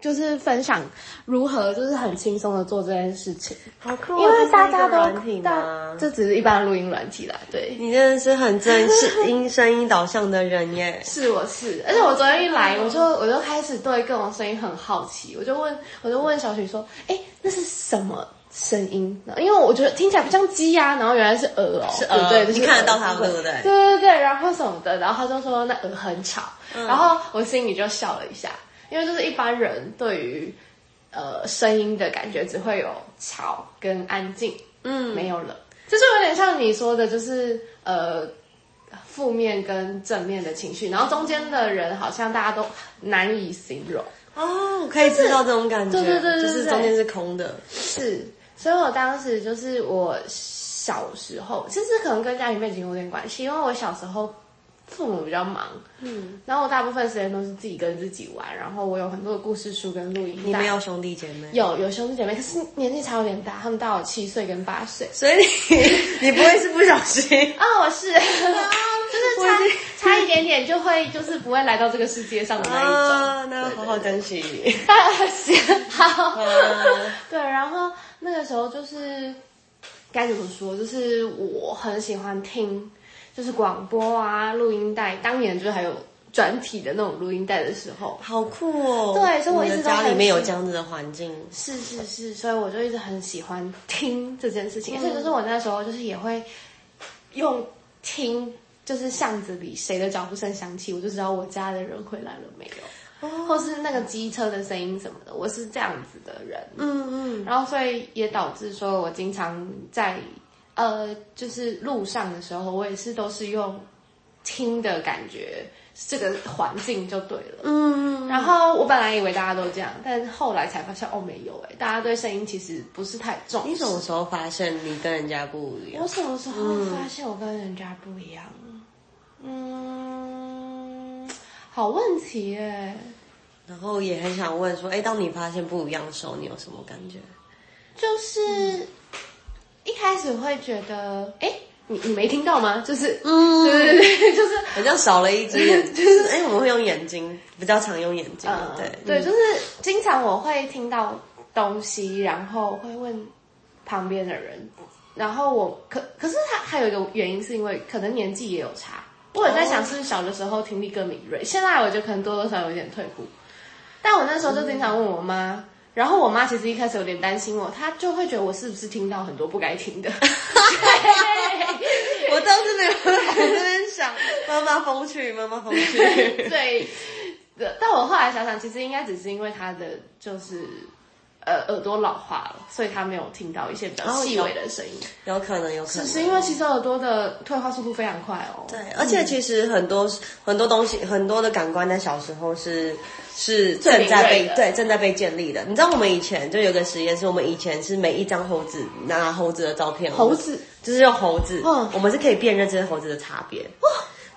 就是分享如何，就是很輕鬆的做這件事情，好酷哦、因為大家都，到，這只是一般錄音軟體啦。對，你真的是很真視音 聲音導向的人耶。是我是，而且我昨天一來，哦、我就我就開始對各種聲音很好奇，我就問，我就問小許說：“哎、欸，那是什麼聲音呢？”因為我覺得聽起來不像雞呀、啊，然後原來是鵝哦，是鵝鵝對。就是、你看得到它對不對？對對對，然後什麼的，然後他就說那鵝很吵，嗯、然後我心裡就笑了一下。因為就是一般人對於，呃，聲音的感覺只會有吵跟安靜，嗯，沒有了，就是有點像你說的，就是呃，負面跟正面的情緒，然後中間的人好像大家都難以形容哦，可以知道這種感覺，對對對對對，就是中間是空的，對對對對，是，所以我當時就是我小時候，其實可能跟家裡面已經有點關係，因為我小時候。父母比較忙，嗯，然後我大部分時間都是自己跟自己玩，然後我有很多的故事書跟錄音。你們有兄弟姐妹？有有兄弟姐妹，可是年紀差有點大，他們大我七歲跟八歲。所以你 你不會是不小心？啊，我是，就是差差一點點就會就是不會來到這個世界上的那一種，哦、那我好好珍惜。謝、嗯、 好，嗯、 對，然後那個時候就是該怎麼說，就是我很喜歡聽。就是廣播啊，錄音帶，當年就是還有轉體的那種錄音帶的時候，好酷哦！對，所以我一直家裡面有這樣子的環境，是是是，所以我就一直很喜歡聽這件事情。嗯、而且就是我那時候就是也會用聽，就是巷子裡誰的腳步聲響起，我就知道我家的人回來了沒有，哦、或是那個機車的聲音什麼的，我是這樣子的人。嗯嗯，然後所以也導致說我經常在。呃，就是路上的時候，我也是都是用聽的感覺，這個環境就對了。嗯，然後我本來以為大家都這樣，但是後來才發現哦，沒有哎、欸，大家對聲音其實不是太重。你什麼時候發現你跟人家不一樣？我什麼時候發現我跟人家不一樣？嗯，嗯，好問題耶、欸。然後也很想問說，哎，當你發現不一樣的時候，你有什麼感覺？就是。嗯一開始會覺得，哎、欸，你你沒聽到嗎？就是，嗯，對對對，就是好像、嗯就是、少了一隻眼，就是，哎，我們會用眼睛，比較常用眼睛，嗯、對、嗯、對，就是經常我會聽到東西，然後會問旁邊的人，然後我可可是他還有一個原因是因為可能年紀也有差，不過我有在想是小的時候聽力更敏銳，哦、現在我就可能多多少少有點退步，但我那時候就經常問我媽。嗯然後我媽其實一開始有點擔心我，她就會覺得我是不是聽到很多不該聽的。對。 我倒是沒有在那邊想，媽媽風趣，媽媽風趣 對。對，但我後來想想，其實應該只是因為她的就是。呃，耳朵老化了，所以他沒有聽到一些比較細微的聲音。哦，有，有可能，有可能，只是因為其實耳朵的退化速度非常快哦。對，而且其實很多、嗯、很多東西，很多的感官在小時候是是正在被對正在被建立的。你知道我們以前就有個實驗，是我們以前是每一張猴子拿猴子的照片，猴子就是用猴子，嗯、哦，我們是可以辨認這些猴子的差別。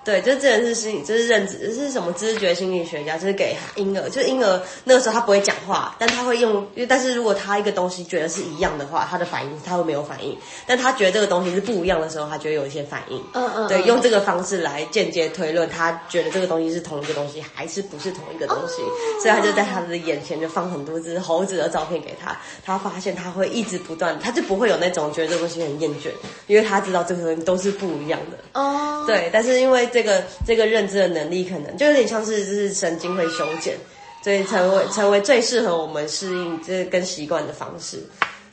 對，就是這人是心理，就是認知，是什麼知覺心理學家，就是給嬰兒，就是、嬰兒那個時候他不會講話，但他會用，因為但是如果他一個東西覺得是一樣的話，他的反應他會沒有反應，但他覺得這個東西是不一樣的時候，他覺得有一些反應。嗯嗯。對，用這個方式來間接推論，他覺得這個東西是同一個東西還是不是同一個東西，uh. 所以他就在他的眼前就放很多隻猴子的照片給他，他發現他會一直不斷，他就不會有那種覺得這個東西很厭倦，因為他知道這個東西都是不一樣的。哦。Uh. 對，但是因為。這個這個認知的能力，可能就有點像是就是神經會修剪，所以成為成為最適合我們適應這、就是、跟習慣的方式。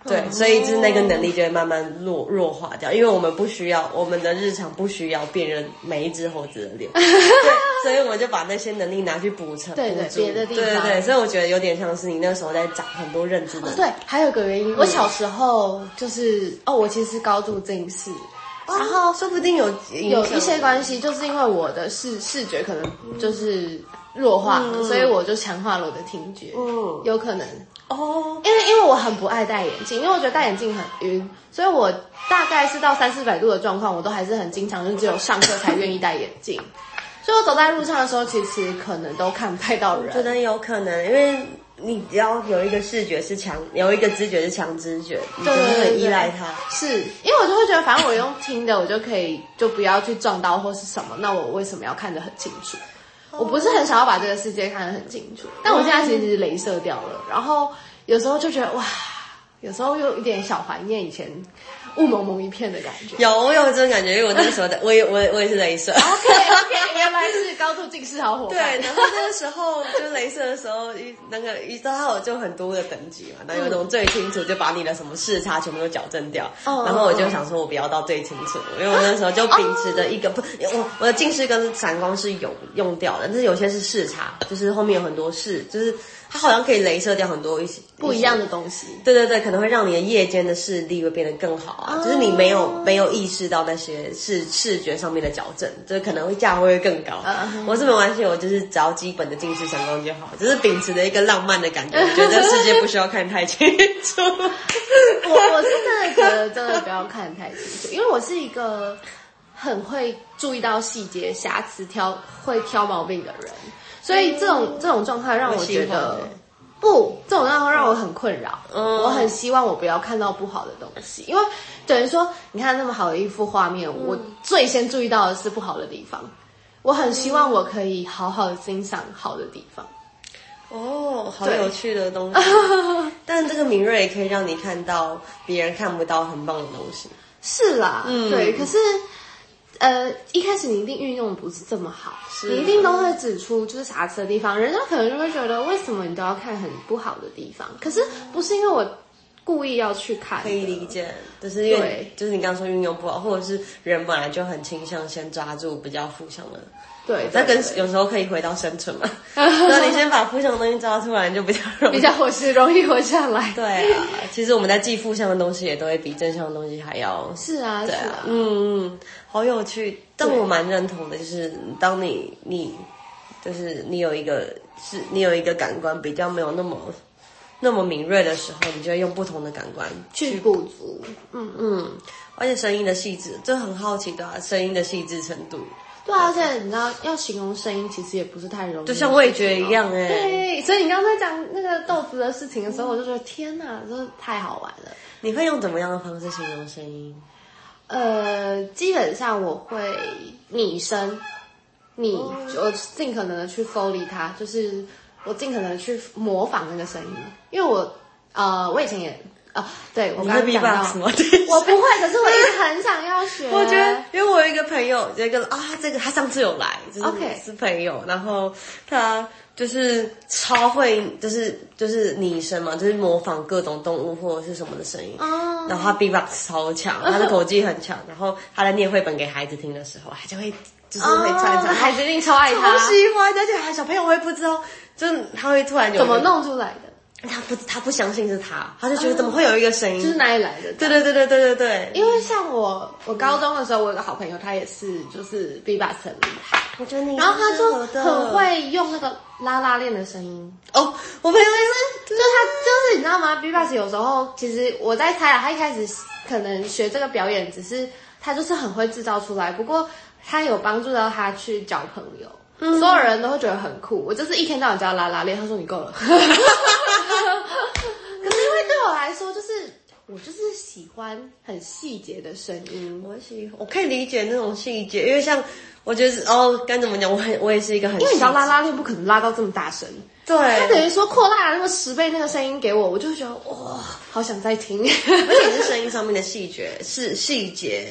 對，嗯、所以就是那個能力就會慢慢弱弱化掉，因為我們不需要我們的日常不需要辨認每一只猴子的臉， 對所以我們就把那些能力拿去補成。對的，對對住別的地方。對，對所以我覺得有點像是你那時候在長很多認知能力、哦。對，還有個原因，嗯、我小時候就是哦，我其實是高度近視。然後、哦、說不定有有一些關係，就是因為我的視視覺可能就是弱化，嗯、所以我就強化了我的聽覺，嗯、有可能哦。因為因為我很不愛戴眼鏡，因為我覺得戴眼鏡很暈，所以我大概是到三四百度的狀況，我都還是很經常就只有上課才願意戴眼鏡， 所以我走在路上的時候，其實可能都看不太到人。覺得有可能，因為。你只要有一個視覺是強，有一個知覺是強知覺，你就會很依賴它。是，因為我就會覺得，反正我用聽的，我就可以就不要去撞到或是什麼。那我為什麼要看得很清楚？我不是很想要把這個世界看得很清楚。但我現在其實是雷射掉了，然後有時候就覺得哇，有時候又有一點小懷念以前。霧濛濛一片的感覺，有，我有這種感覺。因為我那時候的，我也，我，我也是雷射。O K O K，原來是高度近視好伙伴。 對，然後那個時候就雷射的時候，一那個一，那個、到，後就很多的等級嘛，有什麼最清楚就把你的什麼視差全部都矯正掉。哦、嗯。然後我就想說我不要到最清楚，哦哦哦因為我那時候就秉持着一個不，我，哦哦、我的近視跟散光是有用掉的，但是有些是視差，就是後面有很多視，就是。它好像可以雷射掉很多一些不一樣的東西，對對對，可能會讓你的夜間的視力會變得更好啊，哦、就是你沒有沒有意識到那些視視覺上面的矯正，就是可能會價位會更高。嗯、我是沒關係，我就是只要基本的近視成功就好，只是秉持着一個浪漫的感覺，我覺得這世界不需要看太清楚。 我我是真的覺得真的不要看太清楚，因為我是一個很會注意到細節瑕疵挑會挑毛病的人。所以這種、嗯、這種狀態讓我覺得我、欸、不，這種狀態讓讓我很困擾。嗯、我很希望我不要看到不好的東西，因為等於說，你看那麼好的一幅畫面，嗯、我最先注意到的是不好的地方。我很希望我可以好好的欣賞好的地方。嗯、的哦，好有趣的東西。 但這個敏銳也可以讓你看到別人看不到很棒的東西。是啦，嗯、對，可是。呃，一開始你一定運用不是這麼好，是嗎你一定都會指出就是瑕疵的地方，人家可能就會覺得，為什麼你都要看很不好的地方？可是不是因為我故意要去看。可以理解，就是因為對就是你剛剛說運用不好，或者是人本來就很傾向先抓住比較負向的。對，對，對，對，那跟有時候可以回到生存嘛。那 你先把負向的東西抓出來， 就比較容易比較活，容易活下來。對啊，其實我們在記負向的東西，也都會比正向的東西還要。是啊，對啊，嗯、啊、嗯，好有趣。但我蠻認同的，就是對當你你，就是你有一個是，你有一個感官比較沒有那麼那麼敏銳的時候，你就會用不同的感官去補足。嗯嗯，而且聲音的細緻，就很好奇的、啊，聲音的細致程度。對，而且你知道，Okay. 要形容聲音其實也不是太容易，哦，就像味覺一樣哎，欸。對，所以你剛剛在講那個豆子的事情的時候，嗯、我就覺得天吶，真、就、的、是、太好玩了。你會用怎麼樣的方式形容聲音？呃，基本上我會擬聲，你、oh. 我盡可能的去 Foley 它，就是我盡可能的去模仿那個聲音，因為我、呃、我以前也。啊，oh, 對，你是 我們是 B-box 嘛，對。我不會，可是我一直很想要學。 我覺得，因為我有一個朋友，就個，啊、哦，這個他上次有來、就是、，OK，是朋友，然後他就是超會、就是，就是就是擬聲嘛，就是模仿各種動物或者是什麼的聲音。哦。Oh, 然後他 B-box 超強，okay. 他的口技很強。然後他在念繪本給孩子聽的時候，他就會就是會突、oh, 然後，孩子一定超愛他，超喜歡，而且小朋友會不知道，就他會突然有。怎麼弄出來的？他不，他不相信是他，他就覺得怎麼會有一個聲音、哦，就是哪裡來的？對對對對對對對。因為像我，我高中的時候，我有個好朋友，他也是就是 B Box 很厲害，然後他就很會用那個拉拉鏈的聲音。哦，我朋友那，就是、他就是你知道嗎？B Box 有時候其實我在猜啊，他一開始可能學這個表演，只是他就是很會製造出來，不過他有幫助到他去交朋友。嗯、所有人都會覺得很酷，我就是一天到晚就要拉拉鏈，他說你夠了。 可是因為對我來說，就是我就是喜歡很細節的聲音。我喜歡，我可以理解那種細節，細節哦、因為像我覺、就、得、是、哦，該怎麼講，我很我也是一個很細節。因為你知道拉拉鏈不可能拉到這麼大聲，對，他等於說擴大了那個十倍那個聲音給我，我就會覺得哇，好想再聽， 而且是聲音上面的細節，是細節。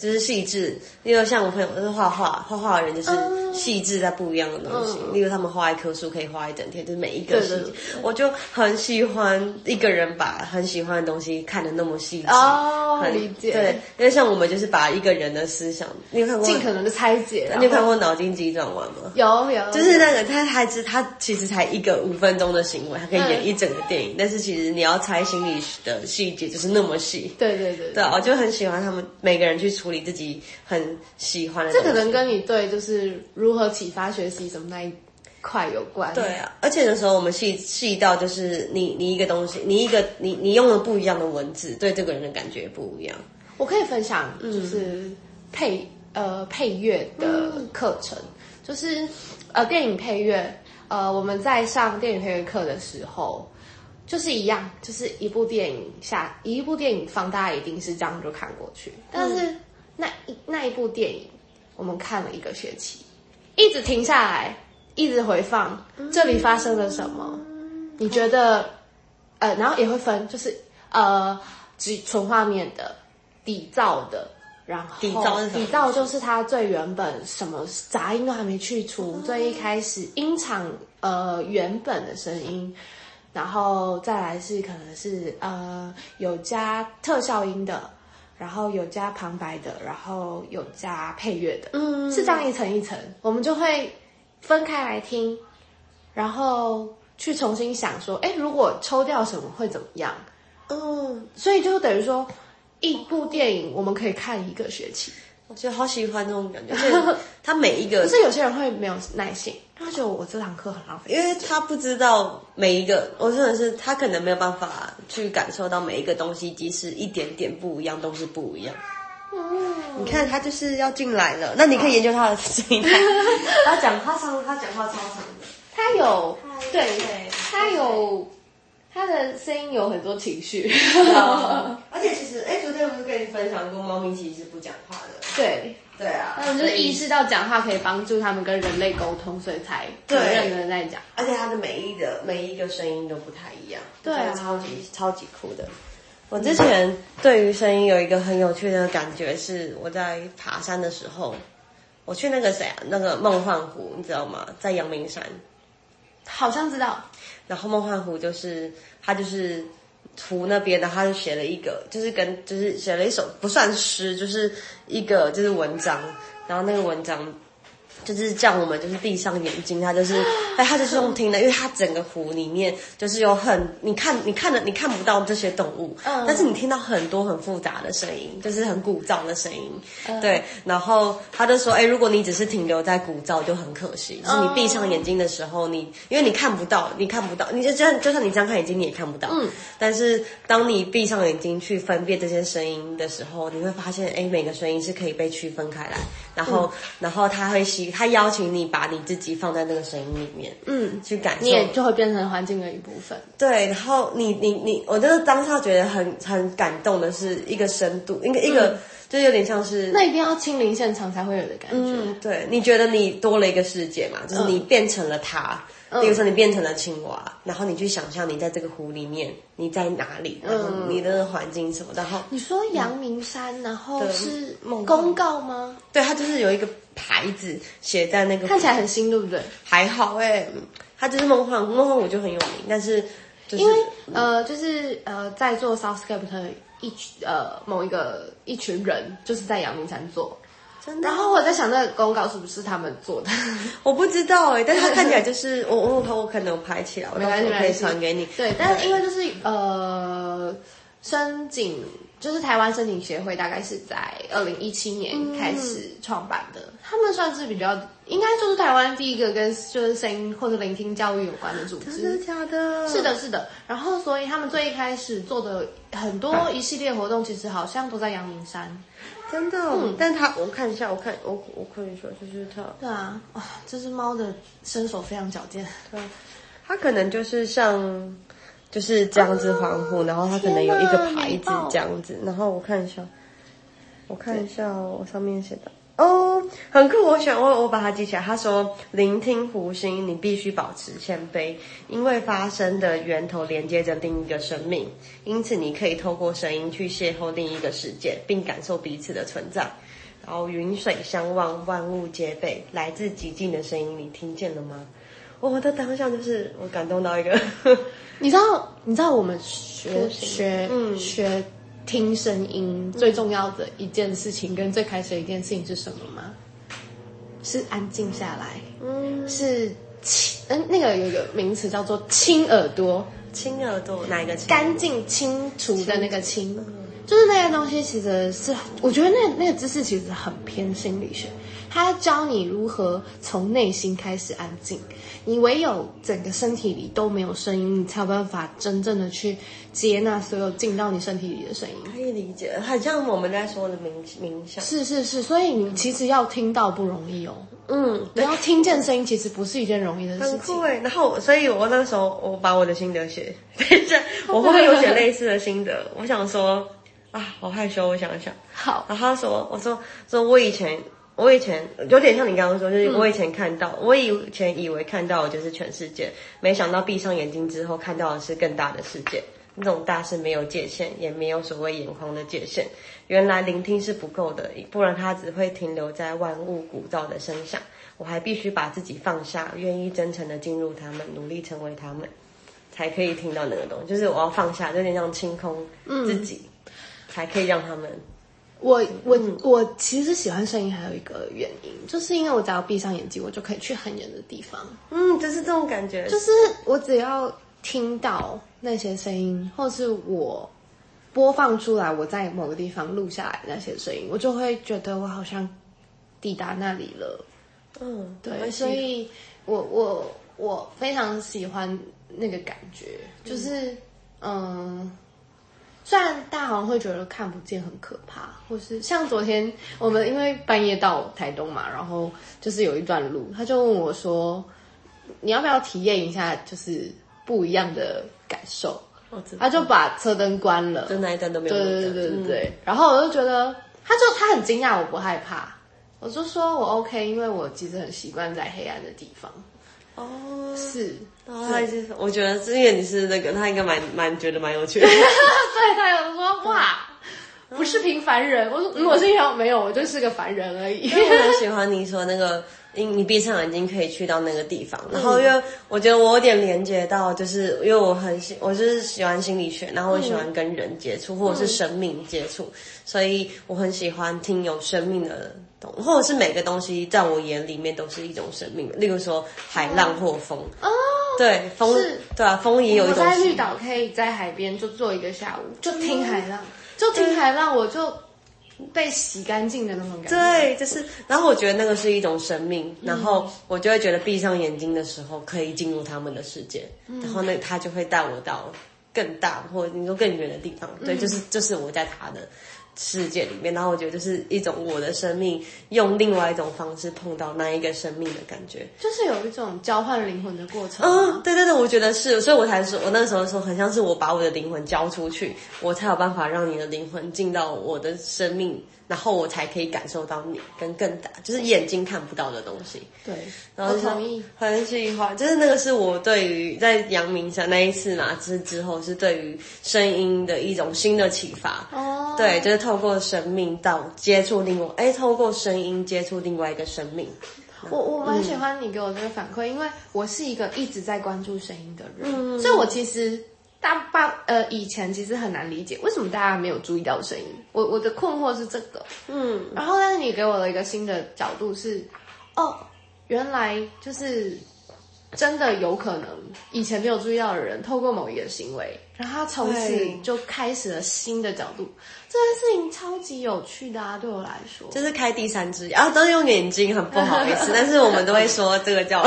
就是細緻，例如像我朋友畫畫，就是畫畫，畫畫的人就是細緻在不一樣的東西。例如、嗯、他們畫一棵樹，可以畫一整天，就是每一個細節。對對對，我就很喜歡一個人把很喜歡的東西看得那麼細緻。哦，很理解。對，對，對，因為像我們就是把一個人的思想，你有看過盡可能的拆解？你有看過腦筋急轉彎嗎？有有後，就是那個他還、就是他其實才一個五分鐘的行為，他可以演一整個電影。嗯、但是其實你要猜心理的細節，就是那麼細。對對對，對，對，對。對，我就很喜歡他們每個人去出。你自己很喜歡的，這可能跟你對就是如何啟發學習，怎麼那一塊有關。對啊，而且有時候我們細細到就是你你一個東西，你一個你你用了不一樣的文字，對這個人的感覺也不一樣。我可以分享，就是配、嗯、呃配樂的課程，嗯、就是呃電影配樂。呃，我們在上電影配樂課的時候，就是一樣，就是一部電影下一部電影放，大家一定是這樣就看過去，但是。嗯那一那一部電影，我們看了一個學期，一直停下來，一直回放。嗯、這裡發生了什麼？嗯、你覺得？嗯、呃，然後也會分，就是呃，只純畫面的、底噪的，然後底噪是什麼？底噪就是它最原本什麼雜音都還沒去除，嗯、最一開始音場呃原本的聲音，然後再來是可能是呃有加特效音的。然後有加旁白的，然後有加配樂的，嗯，是這樣一層一層，我們就會分開來聽，然後去重新想說，哎，如果抽掉什麼會怎麼樣？嗯，所以就等於說，一部電影我們可以看一個學期，我覺得好喜歡那種感覺，就是他每一個、嗯，就是有些人會沒有耐性。他覺得我這堂課很浪費，因為他不知道每一個，我真的是他可能沒有辦法去感受到每一個東西，即使一點點不一樣都是不一樣。哦、你看他就是要進來了，那你可以研究他的聲音、哦。他講話超他講話超長的，他有對，對對他有對對他的聲音有很多情緒，哦、而且其實哎，昨天我不是跟你分享過，貓咪其實是不講話的，對。對啊，他們就是意識到講話可以幫助他們跟人類溝通，所以才認真的在講。而且他的每一個每一個聲音都不太一樣，對啊，超級超級酷的。我之前對於聲音有一個很有趣的感覺是，我在爬山的時候，我去那個誰啊，那個夢幻湖，你知道嗎？在陽明山，好像知道。然後夢幻湖就是它就是。圖那邊的，他就寫了一個，就是跟就是寫了一首不算詩，就是一個就是文章，然後那個文章。就是叫我們就是閉上眼睛，他就是，哎，他就是用聽的，因為他整個湖裡面就是有很，你看，你看的你看不到這些動物，嗯，但是你聽到很多很複雜的聲音，就是很鼓噪的聲音，嗯、對。然後他就說，哎，如果你只是停留在鼓噪就很可惜，就是你閉上眼睛的時候，你因為你看不到，你看不到，你就這樣，就算你張開眼睛你也看不到，嗯，但是當你閉上眼睛去分辨這些聲音的時候，你會發現，哎，每個聲音是可以被區分開來，然後，嗯、然後他會吸。他邀請你把你自己放在那個聲音裡面，嗯，去感受，你也就會變成環境的一部分。對，然後你你你，我就是當下覺得很很感動的是一個深度，一個一個，嗯，就有點像是那一定要親臨現場才會有的感覺，嗯。對，你覺得你多了一個世界嘛？就是你變成了他。嗯比如說你變成了青蛙，嗯、然後你去想象你在這個湖裡面，你在哪裡，嗯、然後你的環境什麼，然後你說陽明山，嗯、然後是某某公告嗎？對，它就是有一個牌子寫在那個，看起來很新，對不對？還好哎，它就是夢幻，夢幻我就很有名，但是、就是、因為、嗯、呃，就是呃在做 Southcape 的一呃某一個一群人，就是在陽明山做。真的，然後我在想那個公告是不是他們做的， 我不知道哎、欸，但是他看起來就是我我、 哦、我可能有拍起來，沒關係可以傳給你。對，嗯、但是因為就是呃，聲景，就是台灣聲景協會大概是在二零一七年開始創辦的，嗯、他們算是比較應該就是台灣第一個跟就是聲音或者聆聽教育有關的組織。真的假的？是的，是的。然後所以他們最一開始做的很多一系列活動，嗯、其實好像都在陽明山。真的，嗯，但它他我看一下，我看我我可以說就是它，對啊，啊，這隻貓的身手非常矯健，對，它可能就是像就是這樣子防護，啊，然後它可能有一個牌子這樣子，哪這樣子，然後我看一下，我看一下我上面寫的。哦，oh, 很酷！我想，我我把它記起來。他說：“聆聽湖心，你必須保持謙卑，因為發聲的源頭連接着另一個生命，因此你可以透過聲音去邂逅另一個世界，並感受彼此的存在。然後雲水相望，萬物皆備，來自寂靜的聲音，你聽見了嗎？”哦、我的當下就是我感動到一個， 你知道，你知道我們學學學。學嗯聽聲音最重要的一件事情跟最開始的一件事情是什麼嗎？是安靜下來，嗯、是清，嗯、呃，那個有個名詞叫做“清耳朵”，清耳朵哪一個清？乾淨清除的那個清，嗯、就是那些東西，其實是我覺得那個、那個知識其實很偏心理學。他教你如何從內心開始安靜，你唯有整個身體裡都沒有聲音，你才有辦法真正的去接納所有進到你身體裡的聲音。可以理解，很像我們在說的冥冥想。是是是，所以你其實要聽到不容易哦。嗯，對你要聽見聲音其實不是一件容易的事情。對，很酷欸，然後所以我那個時候我把我的心得寫，對，我後面有寫類似的心得。了我想說啊，好害羞，我想一想。好，然後他說，我說說，我以前。我以前有點像你剛剛說，就是我以前看到，嗯、我以前以為看到的就是全世界，沒想到閉上眼睛之後看到的是更大的世界。那種大是沒有界限，也沒有所謂眼眶的界限。原來聆聽是不夠的，不然它只會停留在萬物鼓譟的聲響。我還必須把自己放下，願意真誠的進入他們，努力成為他們，才可以聽到那個東西。就是我要放下，就那種清空自己，嗯、才可以讓他們。我我我其實喜歡聲音，還有一個原因，就是因為我只要閉上眼睛，我就可以去很遠的地方。嗯，就是這種感覺，就是我只要聽到那些聲音，或是我播放出來，我在某個地方錄下來那些聲音，我就會覺得我好像抵達那裡了。嗯，對，對，所以我我我非常喜歡那個感覺，嗯，就是嗯。呃雖然大家會覺得看不見很可怕，或是像昨天我們因為半夜到台東嘛，Okay. 然後就是有一段路，他就問我說，你要不要體驗一下就是不一樣的感受？哦、他就把車燈關了，那、哦、一段都沒有關。對對，對對對。嗯、然後我就覺得，他就他很驚訝我不害怕，我就說我 OK，因為我其實很習慣在黑暗的地方。哦，oh. 是。啊，就是、oh, 對我覺得，因為你是那個，他應該蠻蠻，蠻覺得蠻有趣的。 對他有說哇，不是平凡人。我說如果是因為 沒有，我就是個凡人而已。因為我很喜歡你說那個。你你閉上眼睛，可以去到那個地方，然後因為我覺得我有點連接到，就是因為我很喜，我就是喜歡心理學，然後我喜歡跟人接觸或者是生命接觸，所以我很喜歡聽有生命的東西，或者是每個東西在我眼裡面都是一種生命的，例如說海浪或風。哦。對，風是對啊，風也有一種。我在綠島可以在海邊就坐一個下午，就聽海浪，就聽海浪，對我就。被洗乾淨的那種感覺，對，就是。然後我覺得那個是一種生命，然後我就會覺得閉上眼睛的時候可以進入他們的世界，嗯、然後那對他就會帶我到更大或你說更遠的地方。對，就是就是我在他的。嗯世界裡面，然後我覺得就是一種我的生命用另外一種方式碰到那一個生命的感覺，就是有一種交換靈魂的過程。嗯，對對對，我覺得是，所以我才說，我那時候說很像是我把我的靈魂交出去，我才有辦法讓你的靈魂進到我的生命。然後我才可以感受到你跟更大，就是眼睛看不到的東西。對，然後，同意，很喜歡，就是那個是我對於在陽明山那一次嘛，之、就是、之後是對於聲音的一種新的啟發。哦，對，就是透過生命到接觸另外，哎，透過聲音接觸另外一個生命。我我很喜歡你給我這個反饋，嗯、因為我是一個一直在關注聲音的人，嗯、所以，我其實。大爸，呃，以前其實很難理解為什麼大家沒有注意到聲音，我我的困惑是這個，嗯，然後但是你給我了一個新的角度，是，哦，原來就是真的有可能以前沒有注意到的人，透過某一個行為，然後他從此就開始了新的角度，對這件事情超級有趣的啊，對我來說，就是開第三隻眼，然、啊、後都是用眼睛，很不好意思， 但是我們都會說這個叫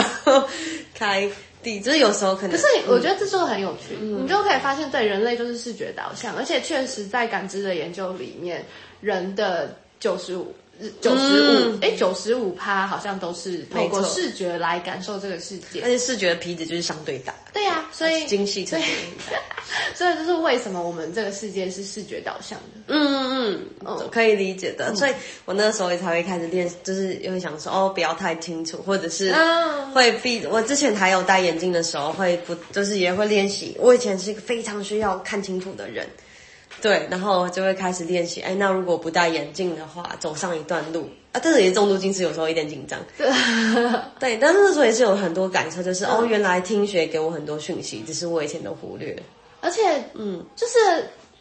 開。只、就是有時候可能，可是我覺得這時候很有趣，嗯、你就可以發現，對人類就是視覺導向，而且確實在感知的研究裡面，人的九十五。九十五，95, 嗯、誒九十五趴，好像都是透過視覺來感受這個世界，而且視覺的皮質就是相對大的，對呀，所以精細，所以，對 所以就是為什麼我們這個世界是視覺導向的，嗯嗯嗯，嗯嗯嗯可以理解的，嗯、所以我那時候也才會開始練，就是也會想說哦，不要太清楚，或者是會閉，我之前還有戴眼鏡的時候會不，就是也會練習，我以前是一個非常需要看清楚的人。對，然後就會開始練習。哎，那如果不戴眼鏡的話，走上一段路啊，但是也是重度近視，有時候一點緊張。對，對，但是那時候也是有很多感受，就是對哦，原來聽學給我很多訊息，只是我以前都忽略。而且，嗯，就是，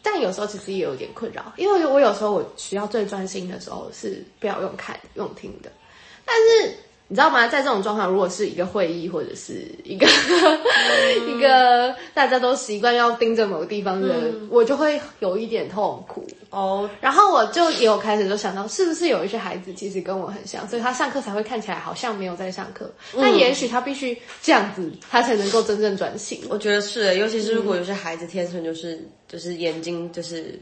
但有時候其實也有點困擾，因為我有時候我需要最專心的時候是不要用看，用聽的，但是。你知道嗎？在這種狀況，如果是一個會議或者是一個、 嗯、一個大家都習慣要盯着某個地方的人，嗯、我就會有一點痛苦哦。然後我就也有開始就想到，是不是有一些孩子其實跟我很像，所以他上課才會看起來好像沒有在上課。那、嗯、也許他必須這樣子，他才能夠真正轉型。我覺得是、欸，尤其是如果有些孩子天生就是、嗯、就是眼睛就是。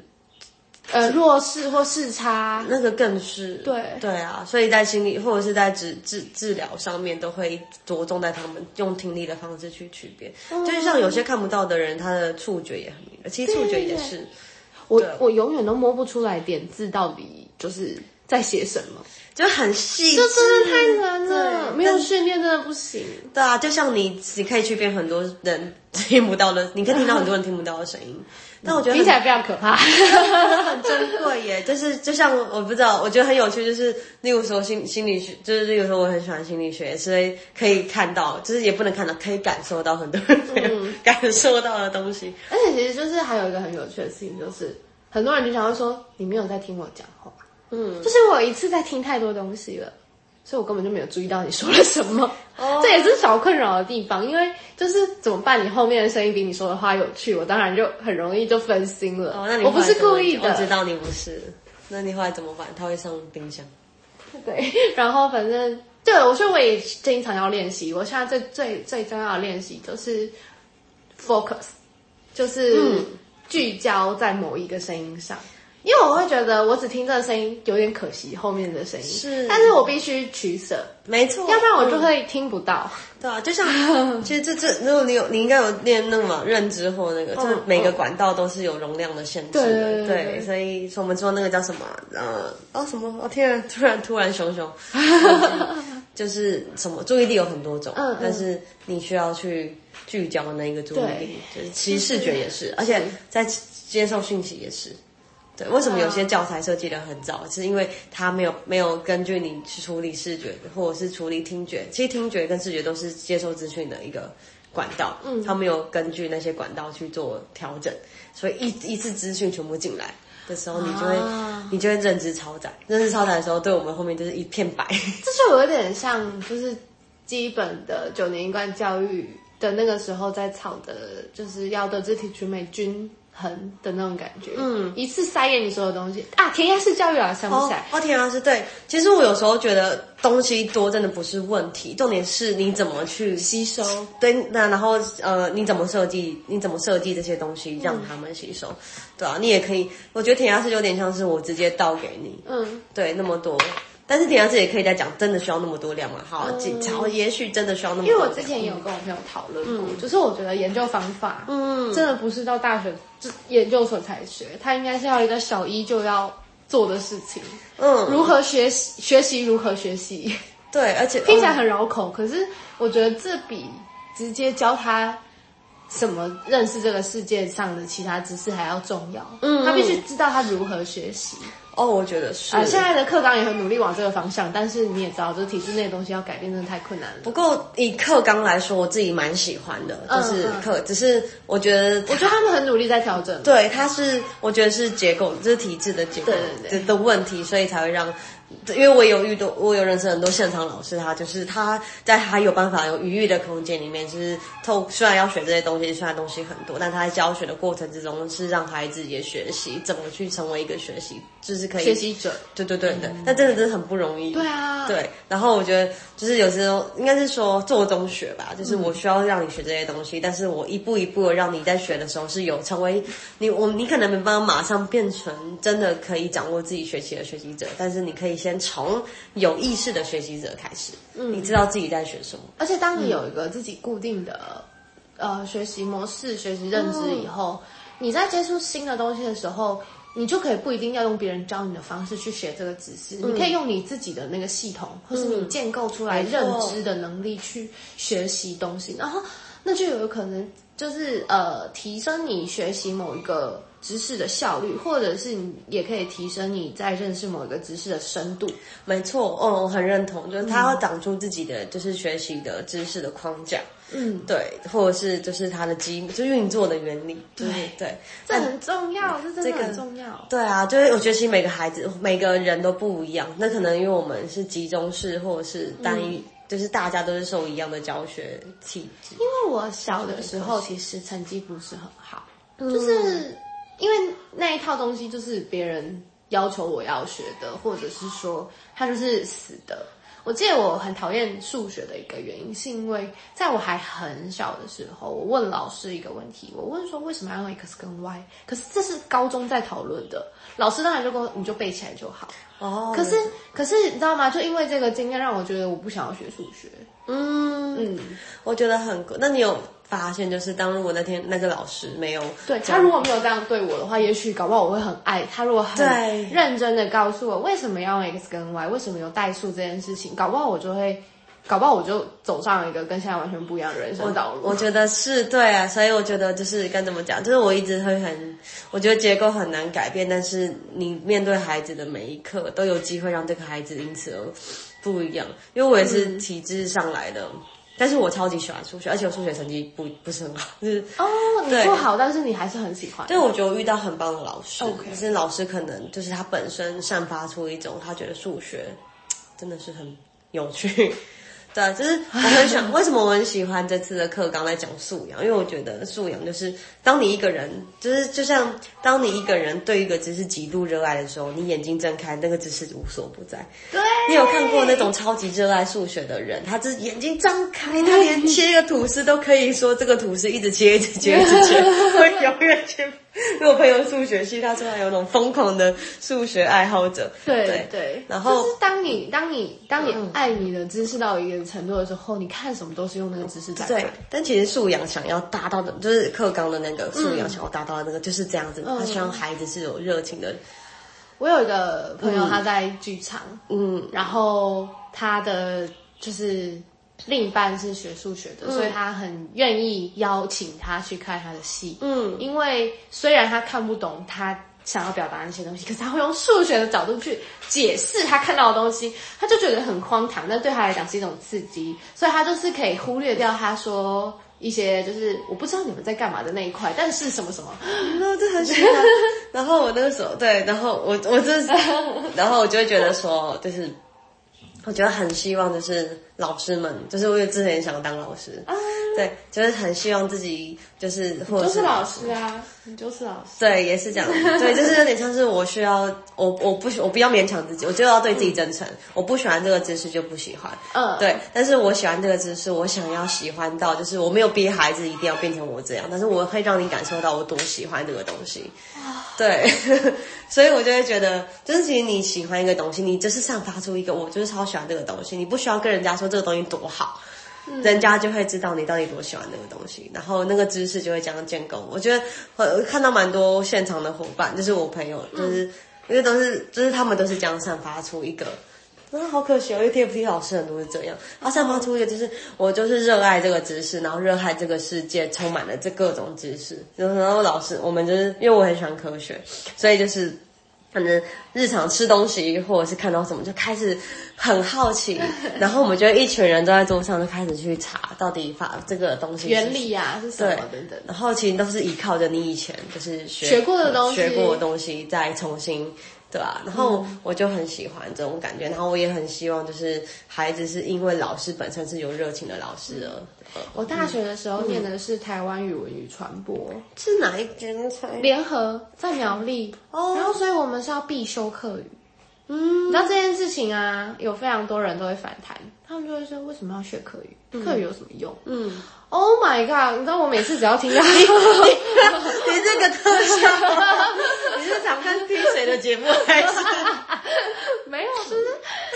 呃，弱視或視差，那個更是對。對啊，所以在心理或者是在治治治療上面，都會着重在他們用聽力的方式去區別。嗯、就是像有些看不到的人，他的觸覺也很明，明其實觸覺也是，耶對我我永遠都摸不出來，點字到底就是在寫什麼，就很細，這真的太難了，對沒有訓練真的不行。對啊，就像你，你可以去辨，很多人聽不到的，你可以聽到很多人聽不到的聲音。呃但我覺得聽起來非常可怕，很珍貴耶。就是就像我不知道，我覺得很有趣，就是那個時候心心理學，就是那個時候我很喜歡心理學，所以可以看到，就是也不能看到，可以感受到很多人感受到的東西。嗯，而且其實就是還有一個很有趣的事情，就是很多人經常會說你沒有在聽我講話，嗯，就是我一次在聽太多東西了。所以我根本就沒有注意到你說了什麼，Oh. 這也是小困擾的地方，因為就是怎麼辦？你後面的聲音比你說的話有趣，我當然就很容易就分心了。Oh, 那你後來怎麼，我不是故意的，我知道你不是。那你後來怎麼辦？他會上冰箱。對，然後反正對，我說我也經常要練習。我現在最最最重要的練習就是 focus，就是聚焦在某一個聲音上。嗯因為我會覺得我只聽這個聲音有點可惜，後面的聲音是，但是我必須取舍，沒錯，要不然我就會聽不到。對啊，就像其實這這，如果你有，你應該有練那麼認知或那個，就是每個管道都是有容量的限制的。對，所以說我們說那個叫什麼？呃，哦什麼？哦天然，突然突然熊熊，就是什麼注意力有很多種，但是你需要去聚焦那一個注意力。就是其實視覺也是，而且在接受訊息也是。為什麼有些教材設計得很早？Oh. 是因為他沒有沒有根據你去處理視覺，或者是處理聽覺。其實聽覺跟視覺都是接受資訊的一個管道，嗯、他沒有根據那些管道去做調整，所以一一次資訊全部進來的時候，你就會、oh. 你就會認知超載。認知超載的時候，對我們後面就是一片白。這就有點像就是基本的九年一貫教育的那個時候在炒的，就是要德智體群美均的那種感覺，嗯，一次塞給你所有東西啊！填鴨式教育啊，師不塞，哦，填鴨式。對，其實我有時候覺得東西多真的不是問題，重點是你怎麼去吸收，對，那然後呃，你怎麼設計，你怎麼設計這些東西讓他們吸收，嗯、對啊，你也可以，我覺得填鴨式有點像是我直接倒給你，嗯，對，那麼多。但是田老師也可以再講，真的需要那麼多量嘛？好，嗯、也許真的需要那麼多量。因為我之前也有跟我朋友討論過，嗯、就是我覺得研究方法，嗯，真的不是到大學研究所才學，他、嗯、應該是要一個小一就要做的事情。嗯，如何學習？學習如何學習？對，而且聽起來很繞口。嗯、可是我覺得這比直接教他什麼認識這個世界上的其他知識還要重要。嗯，他必須知道他如何學習。哦，oh, 我覺得是啊，現在的課綱也很努力往這個方向，但是你也知道，就是體制內的東西要改變，真的太困難了。不過以課綱來說，我自己蠻喜歡的，就是課，只是我覺得，我覺得他們很努力在調整。對，他是，我覺得是結構，就是體制的結構的的問題，對對對，所以才會讓。因為我有遇到，我有認識很多現場老師，他就是他在他有辦法有餘裕的空間裡面，就是透雖然要學這些東西，雖然東西很多，但他在教學的過程之中是讓孩子也學習怎麼去成為一個學習，就是是可以學習者，對對對對，那真的真的很不容易。嗯、對，對啊，對。然後我覺得，就是有時候應該是說做中學吧，就是我需要讓你學這些東西，嗯、但是我一步一步的讓你在學的時候是有成為你我你可能沒辦法馬上變成真的可以掌握自己學習的學習者，但是你可以先從有意識的學習者開始，嗯、你知道自己在學什麼。而且當你有一個自己固定的、嗯、呃學習模式、學習認知以後，嗯、你在接觸新的東西的時候，你就可以不一定要用別人教你的方式去學這個知識，嗯、你可以用你自己的那個系統，或是你建構出來、嗯嗯、認知的能力去學習東西，然後那就有可能就是呃提升你學習某一個。知識的效率，或者是你也可以提升你在認識某一個知識的深度。沒錯，嗯、哦，我很認同，就是他要長出自己的，嗯、就是學習的知識的框架。嗯，對，或者是就是他的機，就運作的原理。對對，對這很重要，但這真的很重要，這個。對啊，就是我覺得其實每個孩子、每個人都不一樣。那可能因為我們是集中式，或者是單一，嗯、就是大家都是受一樣的教學體制。因為我小的時候其實成績不是很好，嗯、就是。因為那一套東西就是別人要求我要學的，或者是說他就是死的。我記得我很討厭數學的一個原因，是因為在我還很小的時候，我問老師一個問題，我問說為什麼要用 X 跟 Y？可是這是高中在討論的，老師當然就跟我你就背起來就好。哦，可是對可是你知道嗎？就因為這個經驗讓我覺得我不想要學數學。嗯，嗯我覺得很那你有？發現就是，當如果那天那個老師沒有對他如果沒有這樣對我的話，也許搞不好我會很愛他。如果很認真的告訴我為什麼要用 X 跟 Y，為什麼有代數這件事情，搞不好我就會，搞不好我就走上一個跟現在完全不一樣的人生道路。我，我覺得是對啊，所以我覺得就是該怎麼講，就是我一直會很，我覺得結構很難改變，但是你面對孩子的每一刻都有機會讓這個孩子因此而不一樣。因為我也是體制上來的。Mm hmm. 但是我超級喜歡數學，而且我數學成績不不是很好，就是哦，不、oh, 對，你不好，但是你還是很喜歡的。對，我覺得我遇到很棒的老師，可 Okay. 是老師可能就是他本身散發出一種，他覺得數學真的是很有趣。對，就是我很想，為什麼我很喜歡這次的課？剛剛講素養，因為我覺得素養就是當你一個人，就是就像當你一個人對一個知識極度熱愛的時候，你眼睛睜開，那個知識無所不在。對，你有看過那種超級熱愛數學的人，他只眼睛張開，對他連切一個吐司都可以說，這個吐司一直切，一直切，一直切， 會永遠切。 因為我朋友數學系，他說他有一種瘋狂的數學愛好者。對對。對對，然後就是、當你當你當你愛你的知識到一個程度的時候，你看什麼都是用那個知識在的。對，但其實素養想要達到的，就是課綱的那個素養想要達到的那個就是這樣子，嗯、他希望孩子是有熱情的。我有一個朋友，他在劇場，嗯，然後他的就是。另一半是學數學的，嗯、所以他很願意邀請他去看他的戲。嗯，因為雖然他看不懂他想要表達那些東西，可是他會用數學的角度去解釋他看到的東西，他就覺得很荒唐。但對他來講是一種刺激，所以他就是可以忽略掉他說一些就是我不知道你們在幹嘛的那一塊。但是什麼什麼，哦、 然後我那個時候對，然後我我就是然後我就會覺得說，就是我覺得很希望就是。老師們，就是我有之前也想當老師，嗯、對，就是很希望自己就是，或者是，或就是老師啊，你就是老師，對，也是這樣， 對，就是有點像是我需要，我我不我不要勉強自己，我就要對自己真誠，嗯、我不喜歡這個知識就不喜歡，嗯，對，但是我喜歡這個知識，我想要喜歡到就是我沒有逼孩子一定要變成我這樣，但是我會讓你感受到我多喜歡這個東西，哇對， 所以我就會覺得，就是其實你喜歡一個東西，你就是散發出一個我就是超喜歡這個東西，你不需要跟人家說。這個東西多好，人家就會知道你到底多喜歡那個東西，嗯、然後那個知識就會這樣建構。我覺得看到蠻多現場的夥伴，就是我朋友，就是、嗯、因為都是就是他們都是這樣散發出一個啊，好可惜哦，因為 TFT 老師很多是這樣，他、啊、散發出一個就是我就是熱愛這個知識，然後熱愛這個世界，充滿了這各種知識。然後老師，我們就是因為我很喜歡科學，所以就是。反正日常吃東西，或者是看到什麼，就開始很好奇。 然後我們就一群人都在桌上，就開始去查到底發這個東西是原理啊，是什麼等等。對對然後其實都是依靠着你以前就是學，學過的東西，學過的東西再重新。對吧、啊？然後我就很喜歡這種感覺，嗯、然後我也很希望，就是孩子是因為老師本身是有熱情的老師啊。我大學的時候念的是台灣語文與傳播，是哪一間？嗯、聯合在苗栗。哦，然後所以我們是要必修課語。嗯，那這件事情啊，有非常多人都會反彈。他們就會說：“為什麼要學客語？客語、嗯、客語有什麼用？”嗯，Oh my god！你知道我每次只要聽到 你這個特效，你是想聽誰的節目還是？沒有，這是，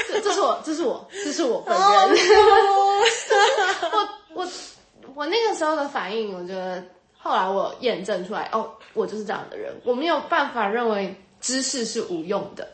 是，是，這是我，這是我，這是我本人。Oh no、 我我我那個時候的反應，我覺得後來我驗證出來，哦、oh，我就是這樣的人，我沒有辦法認為知識是無用的。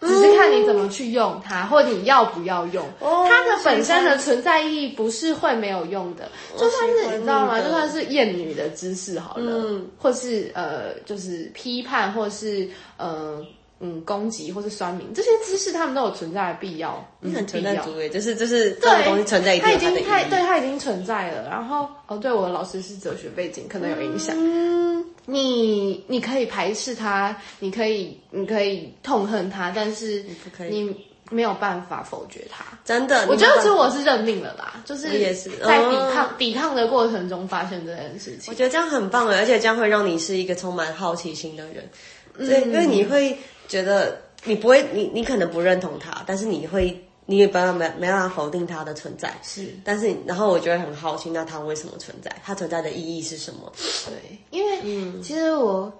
只是看你怎麼去用它，嗯、或者你要不要用。它的本身的存在意義不是會沒有用的，哦、就算是你，你知道嗎？就算是厭女的知識好了，嗯、或是呃，就是批判，或是呃嗯攻擊，或是酸民，這些知識他們都有存在的必要，嗯、必要很存在主義，就是就是這東西對存在一定有它的意義，它已經它對它已經存在了，然後哦，對，我的老師是哲學背景，可能有影響。嗯你你可以排斥他，你可以你可以痛恨他，但是你沒有辦法否決他。真的，我覺得這我是認命了吧，也是就是在抵抗、嗯、抵抗的過程中發現這件事情。我覺得這樣很棒誒，而且這樣會讓你是一個充滿好奇心的人，因、嗯、因為你會覺得你不會，你你可能不認同他，但是你會。你也不要沒沒辦法否定它的存在。是，但是然後我就會很好奇，那它為什麼存在？它存在的意義是什麼？對，因為、嗯、其實我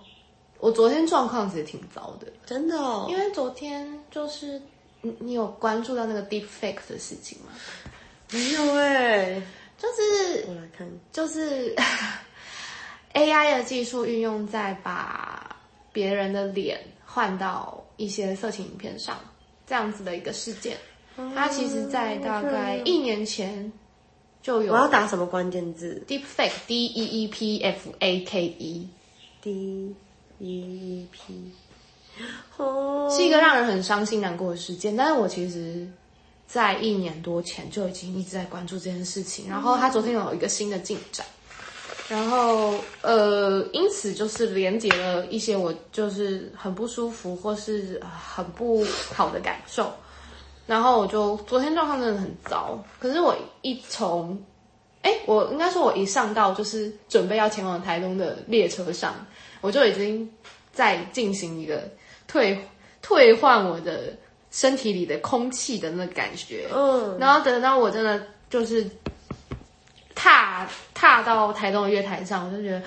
我昨天狀況其實挺糟的，真的，哦。因為昨天就是你你有關注到那個 Deepfake 的事情嗎？沒有誒， 就是我來看，就是 AI 的技術運用在把別人的臉換到一些色情影片上，這樣子的一個事件。他其實，在大概一年前，就有我要打什麼關鍵字？Deepfake，D E E P F A K E，D E E P，哦，是一個讓人很傷心難過的事件。但是我其實，在一年多前就已經一直在關注這件事情。然後他昨天有一個新的進展，然後呃，因此就是連接了一些我就是很不舒服或是很不好的感受。然後我就昨天狀況真的很糟，可是我一從，哎，我應該說我一上到就是準備要前往台東的列車上，我就已經在進行一個退退換我的身體裡的空氣的那個感覺。嗯。然後等到我真的就是踏踏到台東的月台上，我就覺得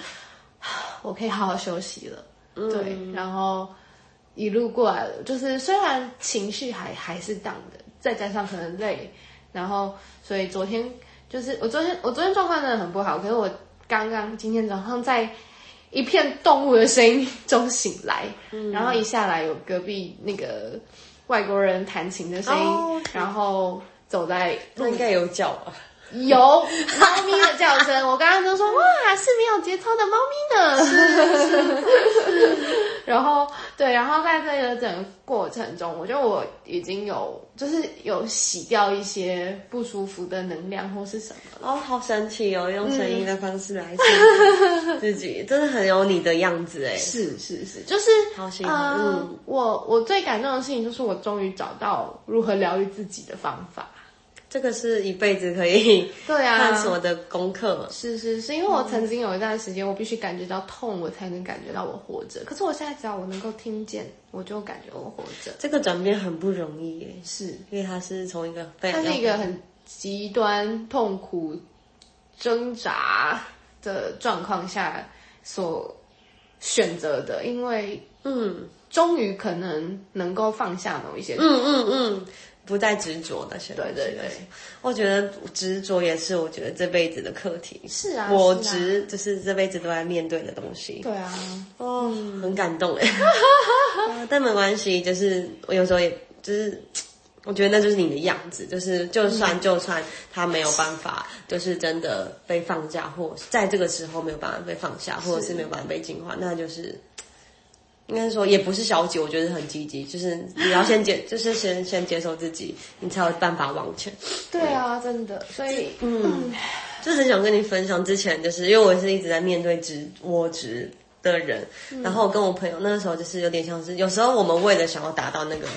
我可以好好休息了。嗯、對，然後。一路過來了，就是雖然情緒還還是 down 的，再加上可能累，然後所以昨天就是我昨天我昨天狀況真的很不好。可是我剛剛今天早上在一片動物的聲音中醒來，嗯、然後一下來有隔壁那個外國人彈琴的聲音，哦、然後走在那應該有腳吧。 有貓咪的叫聲， 我剛剛就說哇，是沒有節操的貓咪呢。是是是，是，是。然後對，然後在這個整個過程中，我覺得我已經有就是有洗掉一些不舒服的能量或是什麼了。哦，好神奇哦，用聲音的方式來洗自己，嗯、 真的很有你的樣子誒。是是是，就是好幸福。嗯嗯、我我最感動的事情就是我終於找到如何療癒自己的方法。這個是一輩子可以探索，對啊，的功課。是是是，因為我曾經有一段時間，我必須感覺到痛，我才能感覺到我活着。可是我現在只要我能夠聽見，我就感覺我活着。這個轉變很不容易耶。是，因為他是從一個他是一個很極端痛苦掙扎的狀況下所選擇的，因為嗯，終於可能能夠放下某一些。嗯嗯嗯。嗯嗯不再執着那些東西，對對對，對，我覺得執着也是，我覺得這輩子的課題。是啊，啊、我執就是這輩子都在面對的東西。對是啊，哦，很感動哎、欸， 但沒關係，就是我有時候也就是，我覺得那就是你的樣子，就是就算就算他沒有辦法，就是真的被放下，或者在這個時候沒有辦法被放下，或者是沒有辦法被淨化，那就是。應該說也不是消極，我覺得很積極，就是你要先接， 就是先先接受自己，你才有辦法往前。對啊，對真的，所以嗯，嗯就很想跟你分享，之前就是因為我是一直在面對直，我直的人，嗯、然後我跟我朋友那個時候就是有點像是，有時候我們為了想要達到那個，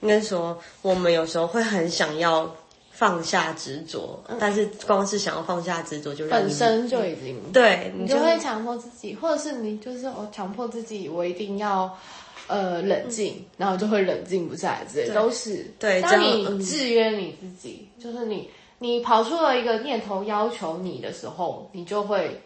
應該說我們有時候會很想要。放下執着，但是光是想要放下執着，就是本身就已經、嗯、對你就，你就會強迫自己，或者是你就是我強迫自己，我一定要呃冷靜，嗯、然後就會冷靜不下來之類的，對都是對。當你制約你自己，嗯、就是你你跑出了一個念頭要求你的時候，你就會。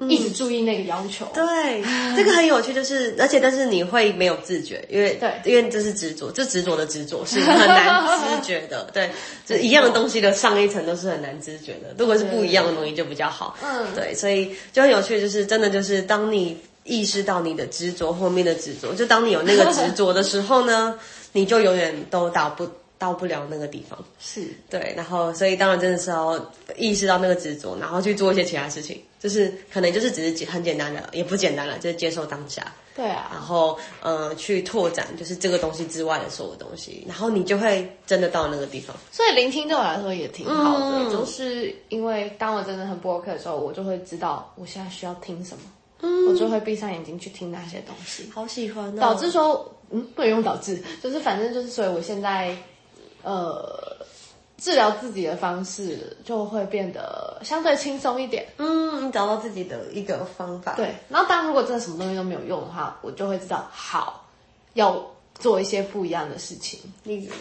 一直注意那個要求，嗯、對，這個很有趣，就是而且但是你會沒有自覺，因為對，因為這是執着，這執着的執着是很難直覺的， 對，就一樣的東西的上一層都是很難直覺的，如果是不一樣的東西就比較好，嗯，對，所以就很有趣，就是真的就是當你意識到你的執着後面的執着，就當你有那個執着的時候呢， 你就永遠都達不。到不了那個地方，是對，然後所以當然真的是要意識到那個執着，然後去做一些其他事情，嗯、就是可能就是只是簡很簡單的，也不簡單了，就是接受當下，對啊，然後、呃、去拓展就是這個東西之外的所有東西，然後你就會真的到那個地方。所以聆聽對我來說也挺好的，嗯、就是因為當我真的很不 OK 的時候，我就會知道我現在需要聽什麼，嗯、我就會閉上眼睛去聽那些東西，好喜歡、哦。導致說嗯，不能用導致，就是反正就是，所以我現在。呃，治療自己的方式就會變得相對輕鬆一點。嗯，你找到自己的一個方法。對，然後當然如果真的什麼東西都沒有用的話，我就會知道好，要做一些不一樣的事情。嗯、例如